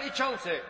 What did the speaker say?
Przewodniczący!